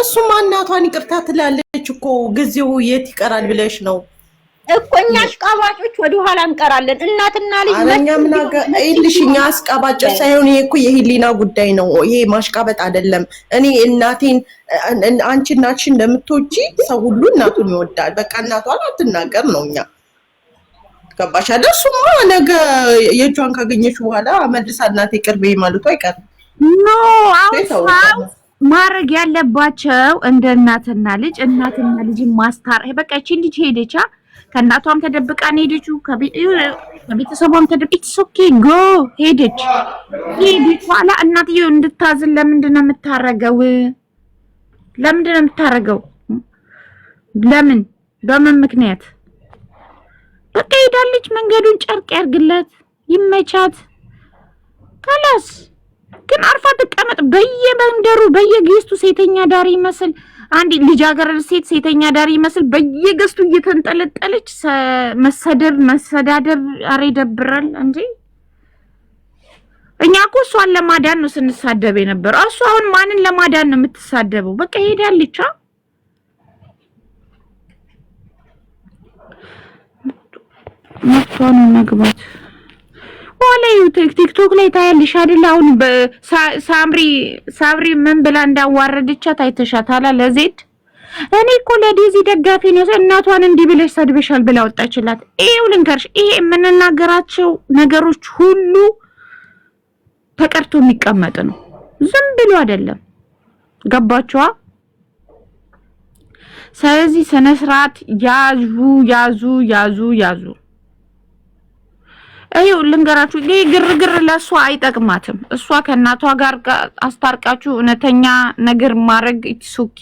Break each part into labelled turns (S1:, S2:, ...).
S1: እሱማ እናቷን ይቅርታ ትላለች እኮ ጊዜው የት ይቀራል ብለሽ ነው
S2: እኮ እኛ አሽቃባጮች ወደኋላ እንቀራለን። እናትና ልጅ
S1: ይኸውልሽ፣ እኛ አስቃባጭ ሳይሆን ይሄ እኮ የህሊና ጉዳይ ነው። ይሄ ማሽቃበጥ አይደለም። እኔ እናቴን አንቺ እናትሽ እንደምትወጪ ሰው ሁሉ እናቱን ይወዳል። በቃ እናቷን አትናገር ነው እኛ ገባሽ አይደል? እሱማ ነገ የእጇን ካገኘች በኋላ መልሳ እናቴ ቅርቤ ማለቱ አይቀርም። ማድረግ ያለባቸው እንደ እናትና ልጅ እናትና ልጅ ማስታር በቃ ይቺን ልጅ ሄደቻ ከእናቷም ተደብቃን ሄደችው ከቤተሰቧም ተደብቅ ሶኬ ጎ ሄደች ሄደች። ኋላ እናትየ እንድታዝን ለምንድን ነው የምታረገው? ለምንድን ነው የምታረገው? ለምን በምን ምክንያት? በቃ ሄዳለች። መንገዱን ጨርቅ ያርግለት፣ ይመቻት። ከላስ ግን አርፋ ትቀመጥ። በየመንደሩ በየገስቱ ሴተኛ ዳሪ ይመስል አንድ ልጃገረድ ሴት ሴተኛ ዳሪ ይመስል በየገስቱ እየተንጠለጠለች መሰደር መሰዳደር፣ አረ ይደብራል እንጂ እኛ እኮ እሷን ለማዳን ነው ስንሳደብ የነበረው። እሱ አሁን ማንን ለማዳን ነው የምትሳደበው? በቃ ሄዳለች። መብቷ ነው መግባት በኋላ ቲክቶክ ላይ ታያለሽ አይደል? አሁን ሳምሪ ሳብሪ ምን ብላ እንዳዋረደቻት አይተሻታል? ለዜድ እኔ እኮ ለዲዚ ደጋፊ ነው እናቷን እንዲህ ብለሽ ሰድበሻል ብላ ወጣችላት። ይሄው ልንገርሽ፣ ይሄ የምንናገራቸው ነገሮች ሁሉ ተቀርቶ የሚቀመጥ ነው። ዝም ብሎ አይደለም። ገባችኋ? ስለዚህ ስነ ስርዓት ያዙ ያዙ ያዙ ያዙ። ይሄው ልንገራችሁ፣ ይሄ ግርግር ለእሷ አይጠቅማትም። እሷ ከእናቷ ጋር አስታርቃችሁ እውነተኛ ነገር ማድረግ ኢትሱኪ።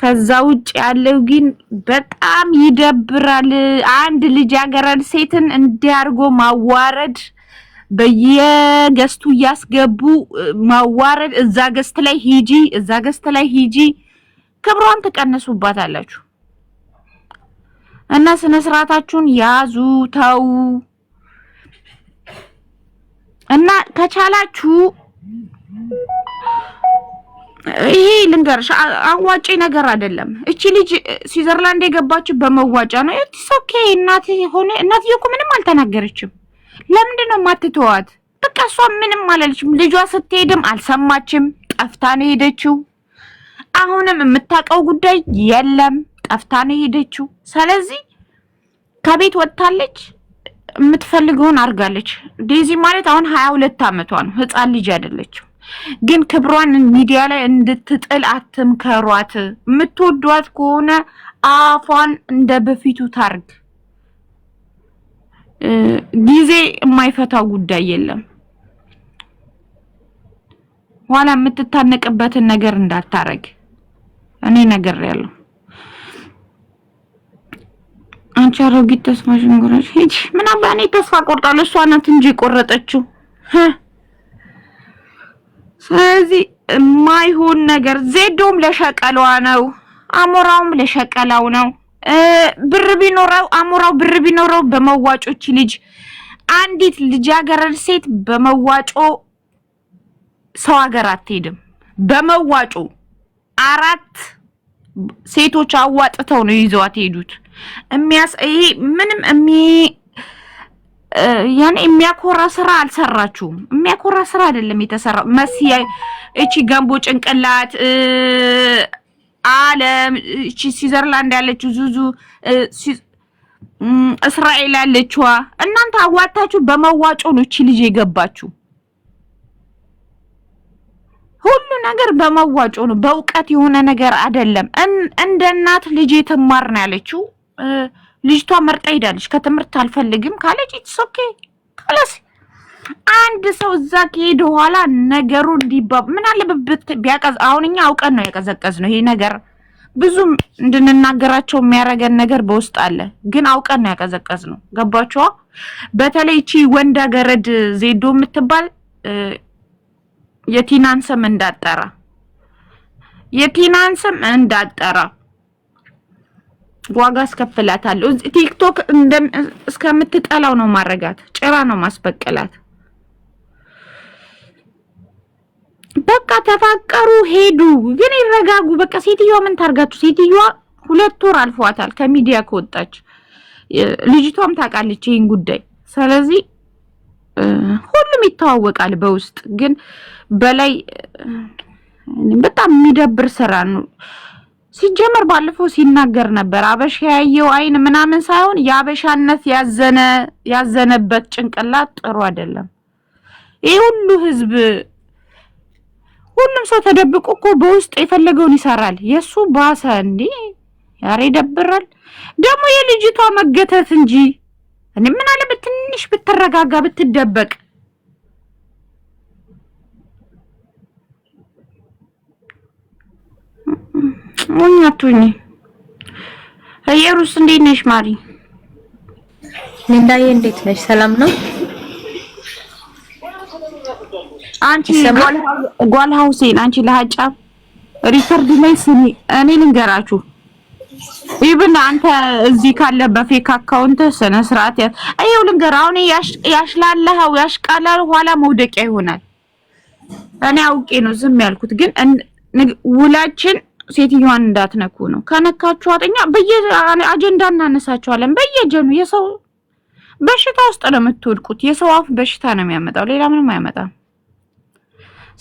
S1: ከዛ ውጭ ያለው ግን በጣም ይደብራል። አንድ ልጃገረድ ሴትን እንዲያርጎ ማዋረድ በየገስቱ እያስገቡ ማዋረድ፣ እዛ ገስት ላይ ሂጂ፣ እዛ ገስት ላይ ሂጂ፣ ክብሯን ትቀንሱባታላችሁ። እና ስነ ስርዓታችሁን ያዙ ተው። እና ከቻላችሁ ይሄ ልንገርሽ አዋጪ ነገር አይደለም። እቺ ልጅ ስዊዘርላንድ የገባችው በመዋጫ ነው። ኢትስ ኦኬ። እናት ሆነ እናትዬ እኮ ምንም አልተናገረችም። ለምንድን ነው የማትተዋት? በቃ እሷ ምንም አላለችም። ልጇ ስትሄድም አልሰማችም። ጠፍታ ነው የሄደችው። አሁንም የምታውቀው ጉዳይ የለም። ጠፍታ ነው የሄደችው። ስለዚህ ከቤት ወጥታለች፣ የምትፈልገውን አድርጋለች። ዴዚ ማለት አሁን ሀያ ሁለት ዓመቷ ነው፣ ህፃን ልጅ አይደለችም። ግን ክብሯን ሚዲያ ላይ እንድትጥል አትምከሯት። የምትወዷት ከሆነ አፏን እንደ በፊቱ ታርግ። ጊዜ የማይፈታው ጉዳይ የለም። ኋላ የምትታነቅበትን ነገር እንዳታረግ እኔ ነገር ያለው አንቺ አሮጊት ተስፋ ሽንጉራሽ ሂጂ አባ እኔ ተስፋ ቆርጣለሁ፣ እሷ ናት እንጂ የቆረጠችው። ስለዚህ የማይሆን ነገር ዜዶም ለሸቀሏ ነው፣ አሞራውም ለሸቀላው ነው። ብር ቢኖረው አሞራው ብር ቢኖረው በመዋጮች ልጅ አንዲት ልጃገረድ ሴት በመዋጮ ሰው ሀገር አትሄድም። በመዋጮ አራት ሴቶች አዋጥተው ነው ይዘዋት ሄዱት። የሚያስ ይሄ ምንም የሚ ያን የሚያኮራ ስራ አልሰራችሁም። የሚያኮራ ስራ አይደለም የተሰራው። መሲ እቺ ገንቦ ጭንቅላት አለም እቺ ስዊዘርላንድ ያለችው ዙዙ እስራኤል ያለችዋ እናንተ አዋጣችሁ። በመዋጮ ነው እቺ ልጅ የገባችሁ። ሁሉ ነገር በመዋጮ ነው፣ በእውቀት የሆነ ነገር አይደለም። እንደ እናት ልጄ ትማር ነው ያለችው። ልጅቷ መርጣ ሄዳለች። ከትምህርት አልፈልግም ካለች ኢትስ ኦኬ ካለስ አንድ ሰው እዛ ከሄደ በኋላ ነገሩ እንዲባ ምን አለበት ቢያቀዝ አሁን እኛ አውቀን ነው ያቀዘቀዝ ነው ይሄ ነገር ብዙም እንድንናገራቸው የሚያደርገን ነገር በውስጥ አለ፣ ግን አውቀን ነው ያቀዘቀዝ ነው። ገባችኋ? በተለይ እቺ ወንዳገረድ ዜዶ የምትባል የቲናን ስም እንዳጠራ የቲናን ስም እንዳጠራ ዋጋ አስከፍላታለሁ። ቲክቶክ እስከምትጠላው ነው ማረጋት፣ ጭራ ነው ማስበቀላት። በቃ ተፋቀሩ ሄዱ፣ ግን ይረጋጉ። በቃ ሴትዮዋ ምን ታርጋችሁ? ሴትዮዋ ሁለት ወር አልፏታል ከሚዲያ ከወጣች። ልጅቷም ታውቃለች ይህን ጉዳይ። ስለዚህ ሁሉም ይተዋወቃል በውስጥ ግን በላይ በጣም የሚደብር ስራ ነው። ሲጀመር ባለፈው ሲናገር ነበር አበሻ ያየው አይን ምናምን ሳይሆን የአበሻነት ያዘነ ያዘነበት ጭንቅላት ጥሩ አይደለም። ይህ ሁሉ ህዝብ ሁሉም ሰው ተደብቆ እኮ በውስጥ የፈለገውን ይሰራል። የእሱ ባሰ እንዲ ያሬ ይደብራል። ደግሞ የልጅቷ መገተት እንጂ እኔ ምን አለ ትንሽ ብትረጋጋ ብትደበቅ ሞኛቱኝ እየሩስ እንዴት ነሽ ማሪ ሊንዳዬ እንዴት ነሽ ሰላም ነው አንቺ ጓል ሀውሴን አንቺ ለሀጫ ሪከርድ ላይ ስሚ እኔ ልንገራችሁ ኢብን አንተ እዚህ ካለ በፌክ አካውንት ስነ ስርዓት ይኸው ልንገርህ። አሁን ያሽላልኸው ያሽቃላል፣ ኋላ መውደቂያ ይሆናል። እኔ አውቄ ነው ዝም ያልኩት፣ ግን ውላችን ሴትዮዋን እንዳትነኩ ነው። ከነካችኋት እኛ በየአጀንዳ እናነሳችኋለን። በየጀኑ የሰው በሽታ ውስጥ ነው የምትወድቁት። የሰው አፍ በሽታ ነው የሚያመጣው፣ ሌላ ምንም አያመጣም።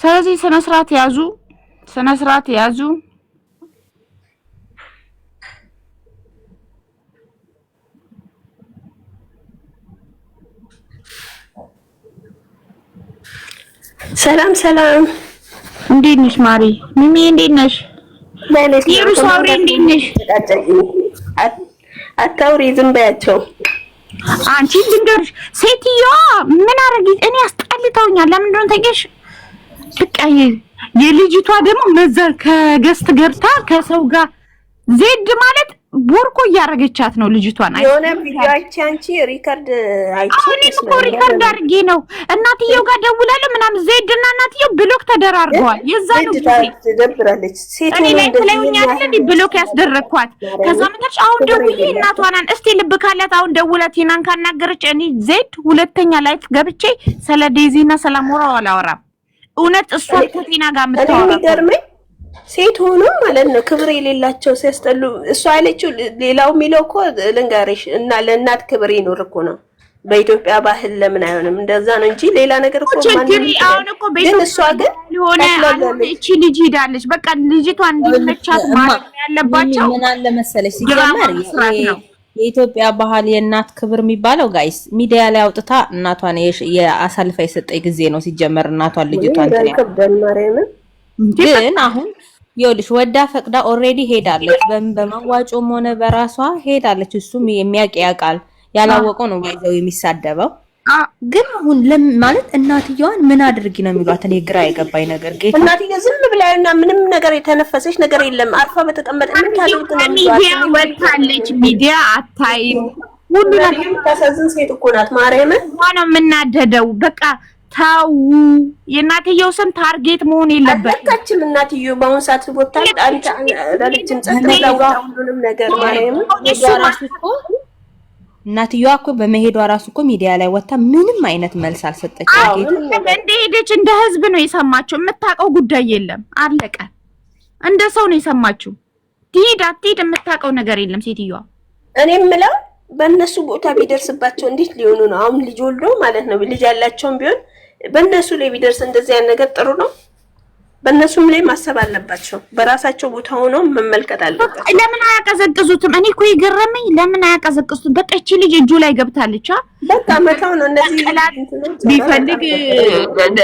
S1: ስለዚህ ስነ ስርዓት ያዙ፣ ስነ ስርዓት ያዙ።
S3: ሰላም ሰላም፣
S1: እንዴት ነሽ ማሪ? ሚሚ እንዴት ነሽ? ሩስ አውሪ፣ እንዴት ነሽ?
S3: አታውሪ፣ ዝም በያቸው።
S1: አንቺ ልንገርሽ፣ ሴትዮዋ ምን አረጊት? እኔ አስጠልተውኛል። ለምን ነው ተገሽ? በቃ የልጅቷ ደግሞ መዘ ከገስት ገብታ ከሰው ጋር ዜድ ማለት ቦርኮ እያደረገቻት ነው ልጅቷን።
S3: የሆነ ቪዲዮ አይቼ አንቺ ሪከርድ
S1: አይቼ እኮ ሪከርድ አድርጌ ነው እናትየው ጋር ደውላለሁ ምናምን። ዘይድና እናትየው ብሎክ ተደራርገዋል። የዛ ነው ትደብራለች። እኔ ላይ ትለኛለ ብሎክ ያስደረግኳት። ከዛ መታች አሁን ደውዬ እናቷናን እስቲ ልብ ካላት አሁን ደውላ ቲናን ካናገረች እኔ ዘይድ ሁለተኛ ላይፍ ገብቼ ስለ ዴዚና ሰላም ወራ አላወራም። እውነት እሷ ከቲና ጋር
S3: የምታወራ ሴት ሆኖ ማለት ነው ክብር የሌላቸው ሲያስጠሉ። እሷ ያለችው ሌላው የሚለው እኮ ልንጋሪሽ እና ለእናት ክብር ይኖር እኮ ነው። በኢትዮጵያ ባህል ለምን አይሆንም? እንደዛ ነው እንጂ ሌላ ነገር እኮ ግን
S1: እሷ ግን እቺ ልጅ ሄዳለች። በቃ ልጅቷ እንዲመቻት ማለት ያለባቸው
S3: ምን አለ መሰለሽ ሲጀመር የኢትዮጵያ ባህል የእናት ክብር የሚባለው ጋይስ ሚዲያ ላይ አውጥታ እናቷን የአሳልፋ የሰጠ ጊዜ ነው ሲጀመር እናቷን ልጅቷን
S1: ግን አሁን ይኸውልሽ ወዳ ፈቅዳ ኦሬዲ ሄዳለች። በማዋጮም ሆነ በራሷ ሄዳለች። እሱም የሚያውቅ ያውቃል፣ ያላወቀው ነው ወይዘው የሚሳደበው። ግን አሁን ማለት እናትየዋን ምን አድርጊ ነው የሚሏት? እኔ ግራ የገባኝ ነገር ጌታ
S3: እናትየ ዝም ብላዩና ምንም ነገር የተነፈሰች ነገር የለም። አርፋ በተቀመጠ
S1: ምን ነው? ሚዲያ ወጣለች፣ ሚዲያ አታይም። ሁሉ
S3: ነገር ሴት እኮ ናት። ማርያምን
S1: ሆነ የምናደደው በቃ ተው። የእናትየው ስም ታርጌት መሆን የለበት።
S3: አታችም እናትየው በአሁን ሰዓት ቦታ አንተ ለልጅን ሁሉንም ነገር
S1: እናትየዋ እኮ በመሄዷ ራሱ እኮ ሚዲያ ላይ ወጣ ምንም አይነት መልስ አልሰጠች። እንደ ሄደች እንደ ህዝብ ነው የሰማችው። የምታውቀው ጉዳይ የለም አለቀ። እንደ ሰው ነው የሰማችው። ትሄድ አትሄድ የምታውቀው ነገር የለም ሴትዮዋ።
S3: እኔ የምለው በእነሱ ቦታ ቢደርስባቸው እንዴት ሊሆኑ ነው? አሁን ልጅ ወልዶ ማለት ነው ልጅ ያላቸውም ቢሆን በእነሱ ላይ ቢደርስ እንደዚህ አይነት ነገር ጥሩ ነው። በእነሱም ላይ ማሰብ አለባቸው። በራሳቸው ቦታ ሆኖ መመልከት አለባቸው።
S1: ለምን አያቀዘቅዙትም? እኔ እኮ የገረመኝ ለምን አያቀዘቅዙትም? በቃ ይቺ ልጅ እጁ ላይ ገብታለች። በቃ መታው ነው እነዚህ ቢፈልግ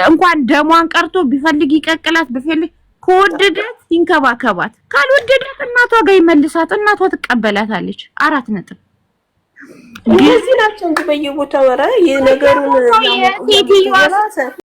S1: እንኳን ደሟን ቀርቶ ቢፈልግ ይቀቅላት፣ ቢፈልግ ከወደዳት ይንከባከባት፣ ካልወደዳት እናቷ ጋር ይመልሳት። እናቷ ትቀበላታለች። አራት ነጥብ
S3: እነዚህ ናቸው እንጂ በየቦታው ኧረ
S1: የነገሩን